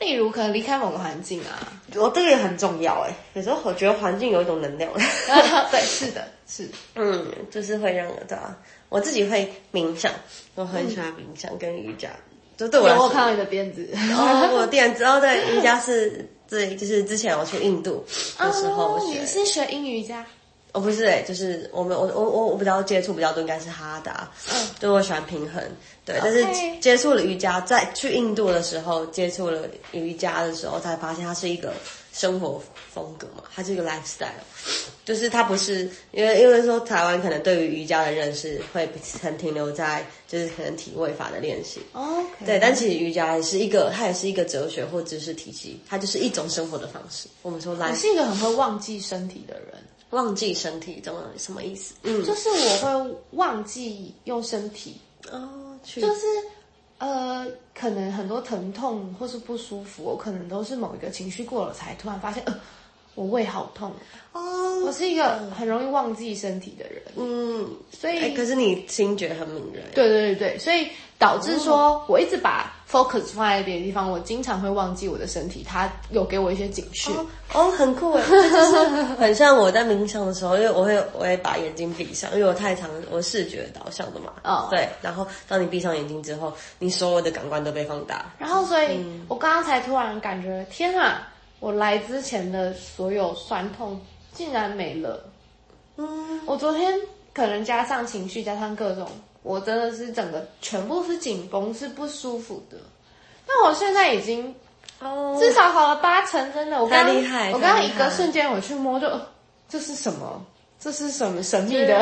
例如可能離開某個環境啊，我這個也很重要哎、欸。有時候我覺得環境有一種能量。 對，是的，是，嗯，就是會讓對啊，我自己會冥想，我很喜歡冥想跟瑜伽。嗯就對我，然後我看到你的辮子，然 後、oh, 我辮子，然、oh, 後，對瑜伽是，對，就是之前我去印度的時候、oh, 學，你也是學英語瑜伽？哦，oh, 不是、欸，哎，就是我們，我，我，我，我比較接觸比較多應該、啊，應該是哈達，嗯，對我喜歡平衡，對，Okay. 但是接觸了瑜伽，在去印度的時候接觸了瑜伽的時候，才發現它是一個。生活風格嘛，它是一個 lifestyle，就是它不是因為因為說台灣可能對於瑜伽的認識會很停留在就是可能體位法的練習。哦，Okay. 對，但其實瑜伽也是一個，它也是一個哲學或者知識體系，它就是一種生活的方式。我們說 lifestyle。我是一個很會忘記身體的人。忘記身體怎麼什麼意思？嗯，就是我會忘記用身體哦，就是。呃，可能很多疼痛或是不舒服，我可能都是某一個情緒過了，才突然發現，呃，我胃好痛哦。我是一個很容易忘記身體的人，嗯，所以、欸，可是你聽覺很敏銳、啊，對對對對，所以。導致說我一直把 focus 放在別的地方，我經常會忘記我的身體，它有給我一些警訊。哦，oh, oh, 很酷哎，就是 很像我在冥想的時候，因為我會我會把眼睛閉上，因為我太常我視覺導向的嘛。哦，oh. 對。然後當你閉上眼睛之後，你所有的感官都被放大。然後，所以、嗯、我剛剛才突然感覺，天啊，我來之前的所有酸痛竟然沒了。嗯，我昨天可能加上情緒，加上各種。我真的是整個全部是緊繃，是不舒服的。那我現在已經，至少好了八成，真的。我剛，剛，我剛剛一個瞬間我去摸就，就這是什麼？這是什麼神秘的？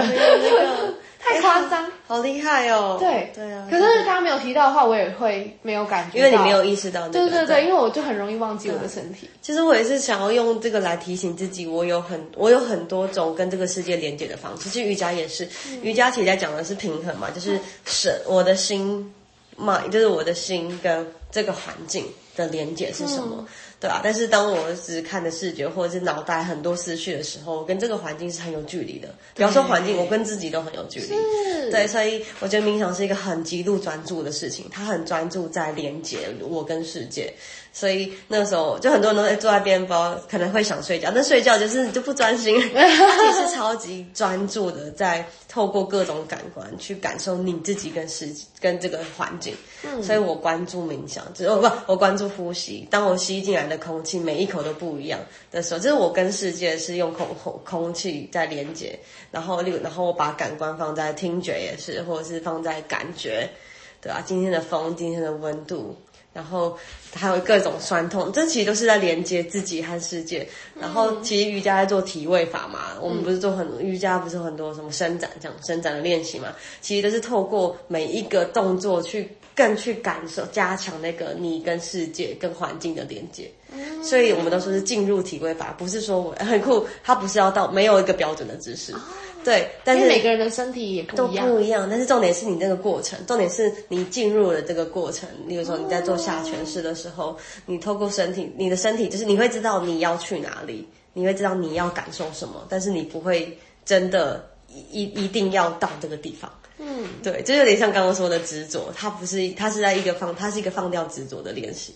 太誇張！欸好厲害哦！對對啊，可是他沒有提到的話，我也會沒有感覺，因為你沒有意識到、那個。對對對，對因為我就很容易忘記我的身體。其實我也是想要用這個來提醒自己，我有很我有很多種跟這個世界連接的方式。其實瑜伽也是，嗯、瑜伽其實在講的是平衡嘛，就是神我的心嘛，就是我的心跟這個環境的連接是什麼。嗯對啊，但是當我只是看的視覺或者是腦袋很多思緒的時候，我跟這個環境是很有距離的。對比方說環境，我跟自己都很有距離。是對，所以我覺得冥想是一個很極度專注的事情，它很專注在連接我跟世界。所以那時候就很多人都在坐在邊包，可能會想睡覺，但睡覺就是就不專心，其實超級專注的，在透過各種感官去感受你自己跟世界跟這個環境。嗯，所以我關注冥想，只哦不，我關注呼吸。當我吸進來的空氣每一口都不一樣的時候，就是我跟世界是用空空空氣在連結。然後，然後我把感官放在聽覺也是，或者是放在感覺，對啊？今天的風，今天的溫度，然後。還有各種酸痛，這其實都是在連接自己和世界。然後其實瑜伽在做體位法嘛，嗯、我們不是做很瑜伽，不是很多什麼伸展這樣伸展的練習嘛？其實都是透過每一個動作去更去感受，加強那個你跟世界，跟環境的連接。所以我們都說是進入體位法，不是說我很酷，它不是要到沒有一個標準的姿勢。對，但是每個人的身體也不一樣，都不一樣。但是重點是你那個過程，重點是你進入了這個過程。比如說你在做下犬式的時候，嗯、你透過身體，你的身體就是你會知道你要去哪裡，你會知道你要感受什麼，但是你不會真的一一定要到這個地方。嗯，對，這就有點像剛剛說的執着，它不是，它是在一個放，它是一個放掉執着的練習。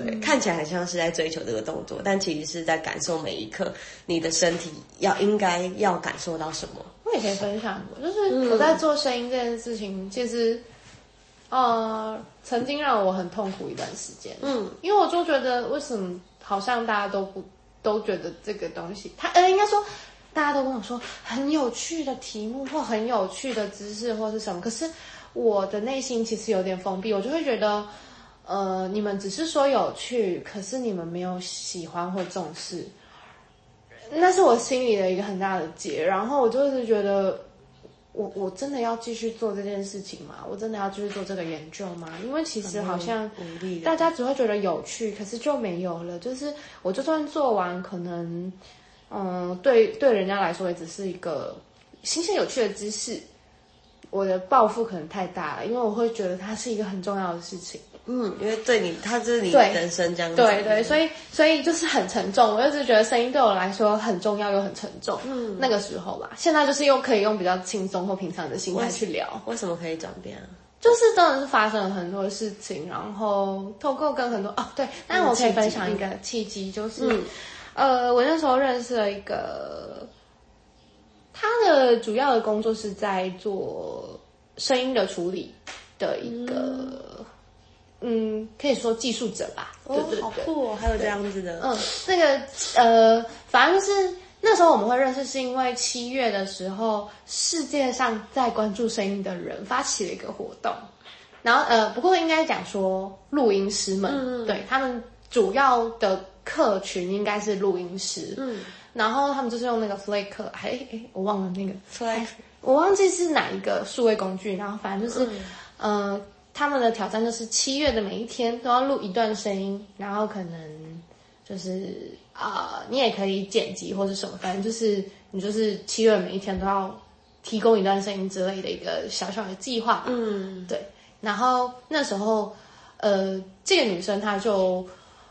對，看起來很像是在追求這個動作，但其實是在感受每一刻你的身體要應該要感受到什麼。我也可以分享過，就是我在做聲音這件事情，嗯、其實，呃，曾經讓我很痛苦一段時間。嗯，因為我就覺得為什麼好像大家都不都覺得這個東西，他，呃，應該說大家都跟我說很有趣的題目或很有趣的知識或是什麼，可是我的內心其實有點封閉，我就會覺得。呃，你們只是說有趣，可是你們沒有喜歡或重視，那是我心裡的一個很大的結。然後我就是覺得，我我真的要繼續做這件事情嗎？我真的要繼續做這個研究嗎？因為其實好像大家只會覺得有趣，可是就沒有了。就是我就算做完，可能嗯、呃，對對，人家來說也只是一個新鮮有趣的知識。我的抱負可能太大了，因為我會覺得它是一個很重要的事情。嗯，因為對你，它就是你人生這樣子。對對，所以所以就是很沉重。我就一直覺得聲音對我來說很重要又很沉重。嗯，那個時候吧，現在就是又可以用比較輕鬆或平常的心態去聊。為什，為什麼可以轉變啊？就是真的是發生了很多的事情，然後透過跟很多哦，對，那我可以分享一個契機，就是、嗯嗯、呃，我那時候認識了一個，他的主要的工作是在做聲音的處理的一個。嗯嗯，可以說技術者吧。對對哦，好酷哦，還有這樣子的。嗯，那個呃，反正就是那時候我們會認識，是因為七月的時候，世界上在關注聲音的人發起了一個活動。然後呃，不過應該講說錄音師們，嗯、對，他們主要的客群應該是錄音師。嗯，然後他們就是用那個 Flake 哎，哎，我忘了那個。Flake，、哎、我忘記是哪一個數位工具。然後反正就是，嗯、呃。他們的挑戰就是七月的每一天都要錄一段聲音，然後可能就是啊、呃，你也可以剪輯或者什麼，反正就是你就是七月每一天都要提供一段聲音之類的一個小小的計劃。嗯，對。然後那時候，呃，這個女生她就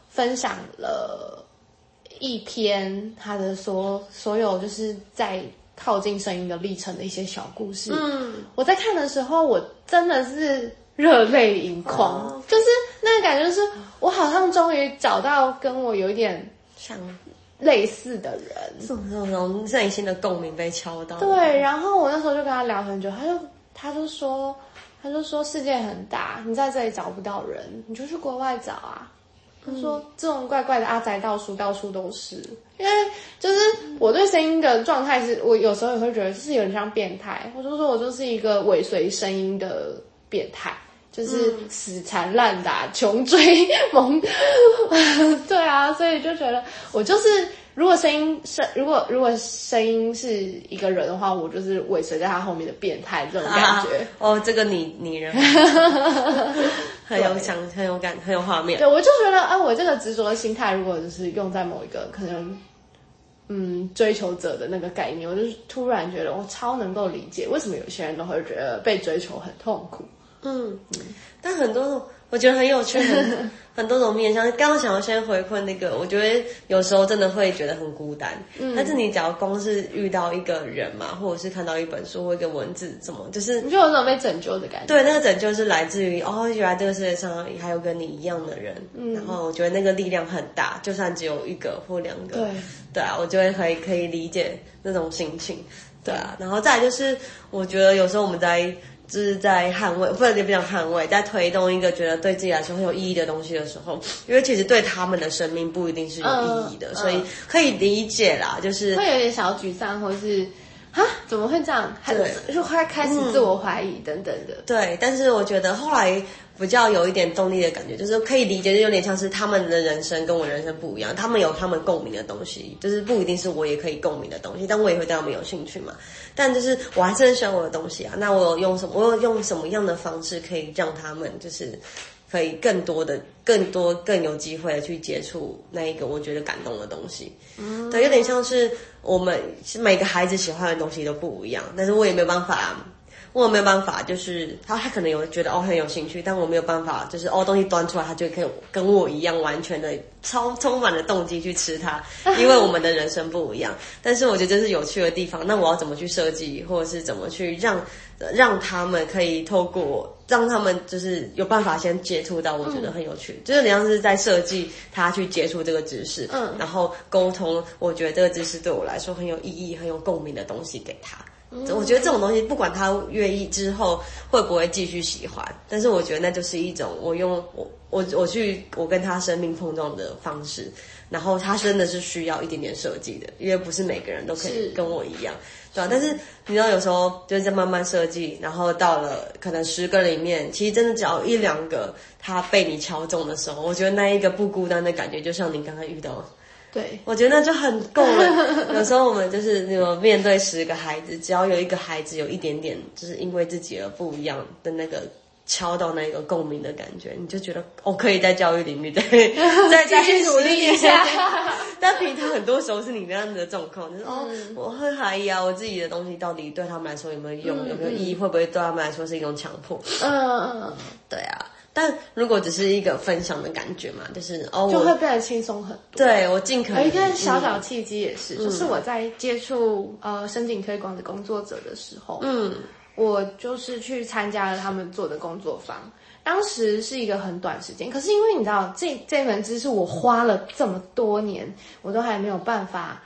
分享了一篇她的所所有，就是在靠近聲音的歷程的一些小故事。嗯，我在看的時候，我真的是，熱淚盈眶，哦、就是那個感覺，就是我好像終於找到跟我有一點像類似的人，這種這種內心的共鳴被敲到。對，然後我那時候就跟他聊很久，他就他就說，他就說世界很大，你在這裡找不到人，你就去國外找啊。嗯、他說這種怪怪的阿宅到處到處都是，因為就是我對聲音的狀態是，我有時候也會覺得就是有點像變態，我就說我就是一個尾隨聲音的變態。就是死纏爛打、窮、嗯、追猛，嗯、 對啊，所以就覺得我就是如果聲音，如果聲音是如果如果聲音是一個人的話，我就是尾隨在他後面的變態這種感覺。啊啊啊哦，這個女女人很有想， 很有想，很有感，很有畫面。對，我就覺得啊，我這個執着的心態，如果就是用在某一個可能嗯追求者的那個概念，我就是突然覺得我超能夠理解為什麼有些人都會覺得被追求很痛苦。嗯,嗯，但很多種我覺得很有趣，很, 很多種面向。剛剛想要先回饋那個，我覺得有時候真的會覺得很孤單。嗯，但是你只要光是遇到一個人嘛，或者是看到一本書或一個文字，怎麼就是你就有種被拯救的感覺。對，那個拯救是來自於哦，原來這個世界上還有跟你一樣的人。嗯，然後我覺得那個力量很大，就算只有一個或兩個。對，對啊，我就會可以可以理解那種心情。對啊，嗯，然後再來就是我覺得有時候我們在。嗯就是在捍衛，或者你比較捍衛，在推動一個覺得對自己來說很有意義的東西的時候，因為其實對他們的生命不一定是有意義的，呃、所以可以理解啦。嗯、就是會有點小沮喪，或是。啊，怎麼會這樣？很，對就快開始自我懷疑、嗯、等等的。對，但是我覺得後來比較有一點動力的感覺，就是可以理解，就有點像是他們的人生跟我人生不一樣，他們有他們共鳴的東西，就是不一定是我也可以共鳴的東西，但我也會對他們有興趣嘛。但就是我還是很喜歡我的東西啊。那我有用什麼？我有用什麼樣的方式可以讓他們就是？可以更多的、更多、更有機會的去接觸那一個我覺得感動的東西，嗯，對，有點像是我們是每個孩子喜歡的東西都不一樣，但是我也沒有辦法。我沒有辦法，就是他，他可能有覺得哦很有興趣，但我沒有辦法，就是哦東西端出來，他就可以跟我一樣完全的充充滿了動機去吃它，因為我們的人生不一樣。但是我覺得這是有趣的地方。那我要怎麼去設計，或者是怎麼去讓讓他們可以透過讓他們就是有辦法先接觸到，我覺得很有趣，嗯、就是你要是在設計他去接觸這個知識，嗯，然後溝通，我覺得這個知識對我來說很有意義、很有共鳴的東西給他。我覺得這種東西，不管他願意之後會不會繼續喜歡，但是我覺得那就是一種我用我我我去我跟他生命碰撞的方式，然後他真的是需要一點點設計的，因為不是每個人都可以跟我一樣，是對啊，但是你知道，有時候就是在慢慢設計，然後到了可能十個裡面，其實真的只要一兩個他被你敲中的時候，我覺得那一個不孤單的感覺，就像你剛剛遇到。對，我覺得那就很夠了。對有時候我們就是那種面對十個孩子，只要有一個孩子有一點點，就是因為自己而不一樣的那個敲到那個共鳴的感覺，你就覺得我、哦、可以在教育領域對再再繼 續努力一下。但平常很多時候是你那樣子的狀況，就是、嗯、哦，我會懷疑啊，我自己的東西到底對他們來說有沒有用，嗯嗯，有沒有意義，會不會對他們來說是一種強迫？嗯嗯，嗯嗯，對啊。但如果只是一個分享的感覺嘛，就是哦，就會變得輕鬆很多。我對我盡可能有一個小小契機也是，嗯、就是我在接觸呃，聲景推廣的工作者的時候，嗯，我就是去參加了他們做的工作坊，是當時是一個很短時間，可是因為你知道，這這一門知識我花了這麼多年，我都還沒有辦法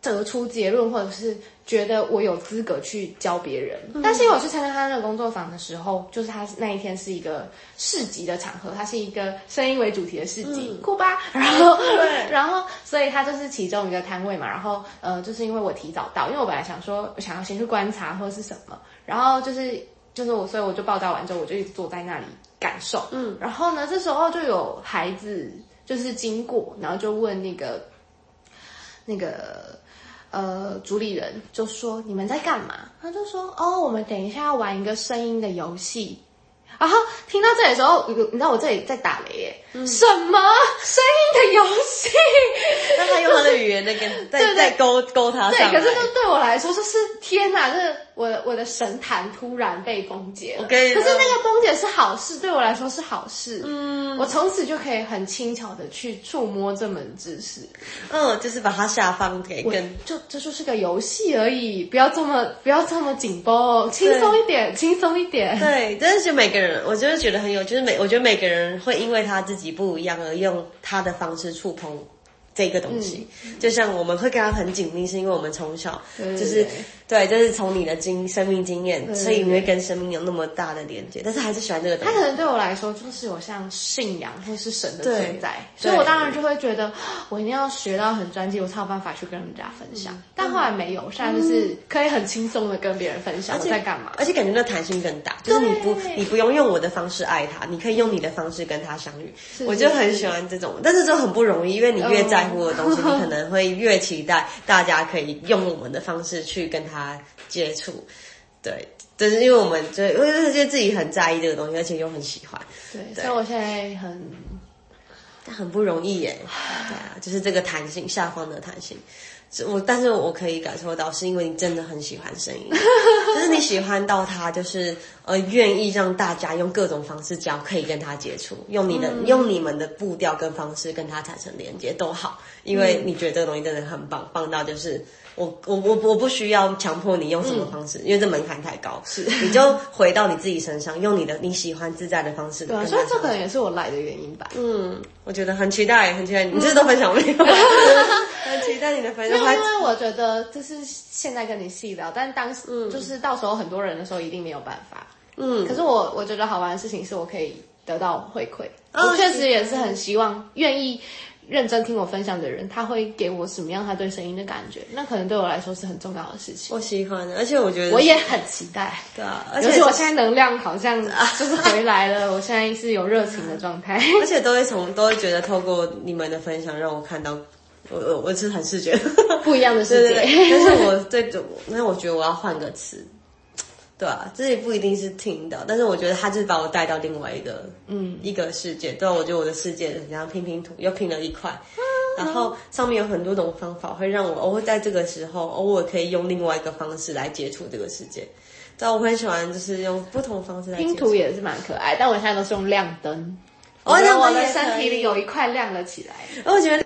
得出結論，或者是。覺得我有資格去教別人，嗯、但是因為我去參加他那個工作坊的時候，就是他那一天是一個市集的場合，他是一個聲音為主題的市集，酷吧、嗯？然後，對然後，所以他就是其中一個攤位嘛。然後，呃，就是因為我提早到，因為我本來想說，我想要先去觀察或者是什麼。然後就是，就是我，所以我就報道完之後，我就一直坐在那裡感受。嗯，然後呢，這時候就有孩子就是經過，然後就問那個，那個。呃，主理人就說：“你們在幹嘛？”他就說：“哦，我們等一下要玩一個聲音的遊戲。”然後聽到這裡的時候，你你知道我這裡在打雷耶？嗯、什麼聲音的遊戲？那他用他的語言的、 就是、在跟在在勾對對勾他上。對，可是都對我來說，就是天哪就是。我我的神壇突然被崩解，okay, 可是那個崩解是好事，嗯、對我來說是好事。嗯，我從此就可以很輕巧的去觸摸這門知識。嗯，就是把它下放給跟，就這就是個遊戲而已，不要這麼不要這麼緊繃，輕鬆一點，輕鬆對一點。對，真的是每個人，我真的覺得很有，就是每我覺得每個人會因為他自己不一樣而用他的方式觸碰。這個東西，就像我們會跟他很緊密，是因為我們從小就是，對，就是從你的經生命經驗，所以你會跟生命有那麼大的連接。但是還是喜歡這個東西。他可能對我來說，就是有像信仰或是神的存在，所以我當然就會覺得我一定要學到很專精，我才有辦法去跟人家分享。但後來沒有，現在就是可以很輕鬆的跟別人分享我在幹嘛，而且感覺那彈性更大，就是你不你不用用我的方式愛他，你可以用你的方式跟他相遇。我就很喜歡這種，但是就很不容易，因為你越在。 的東西，你可能會越期待，大家可以用我們的方式去跟他接觸，對，但是因為我們就就是覺得自己很在意這個東西，而且又很喜歡，對，所以我現在很，但很不容易耶、欸，對啊，就是這個彈性，下方的彈性，我，但是我可以感受到，是因為你真的很喜歡聲音。就是你喜歡到他，就是呃，願意讓大家用各種方式交，可以跟他接觸，用你的、嗯、用你們的步調跟方式跟他產生連接都好，因為你覺得這個東西真的很棒，嗯、棒到就是我、我、我、我不需要強迫你用什麼方式，嗯、因為這門檻太高，是你就回到你自己身上，用你的你喜歡自在的方式。對、啊，所以這可能也是我來的原因吧。嗯，我覺得很期待，很期待、嗯、你這都很想，這是分享面。很期待你的分享，因為，因為我覺得就是現在跟你細聊，但當時、嗯、就是。到時候很多人的時候一定沒有辦法，嗯。可是我我覺得好玩的事情是我可以得到回饋。哦、我確實也是很希望願意認真聽我分享的人，他會給我什麼樣他對聲音的感覺？那可能對我來說是很重要的事情。我喜歡，而且我覺得我也很期待。對啊，而且我現在能量好像就是回來了，啊、我現在是有熱情的狀態。嗯、而且都會從，都會覺得透過你們的分享，讓我看到我我我是很視覺 不一樣的世界。對對但是我對那 我覺得我要換個詞。對啊，這也不一定是聽到，但是我覺得他就是把我帶到另外一個，嗯，一個世界。對啊，我覺得我的世界很像拼拼圖又拼了一塊，嗯，然後上面有很多種方法，會讓我我會、哦、在這個時候，哦，偶爾可以用另外一個方式來接觸這個世界。但我很喜歡，就是用不同方式來拼圖也是蠻可愛。但我現在都是用亮燈，我哦，我的身體裡有一塊亮了起來。我覺得。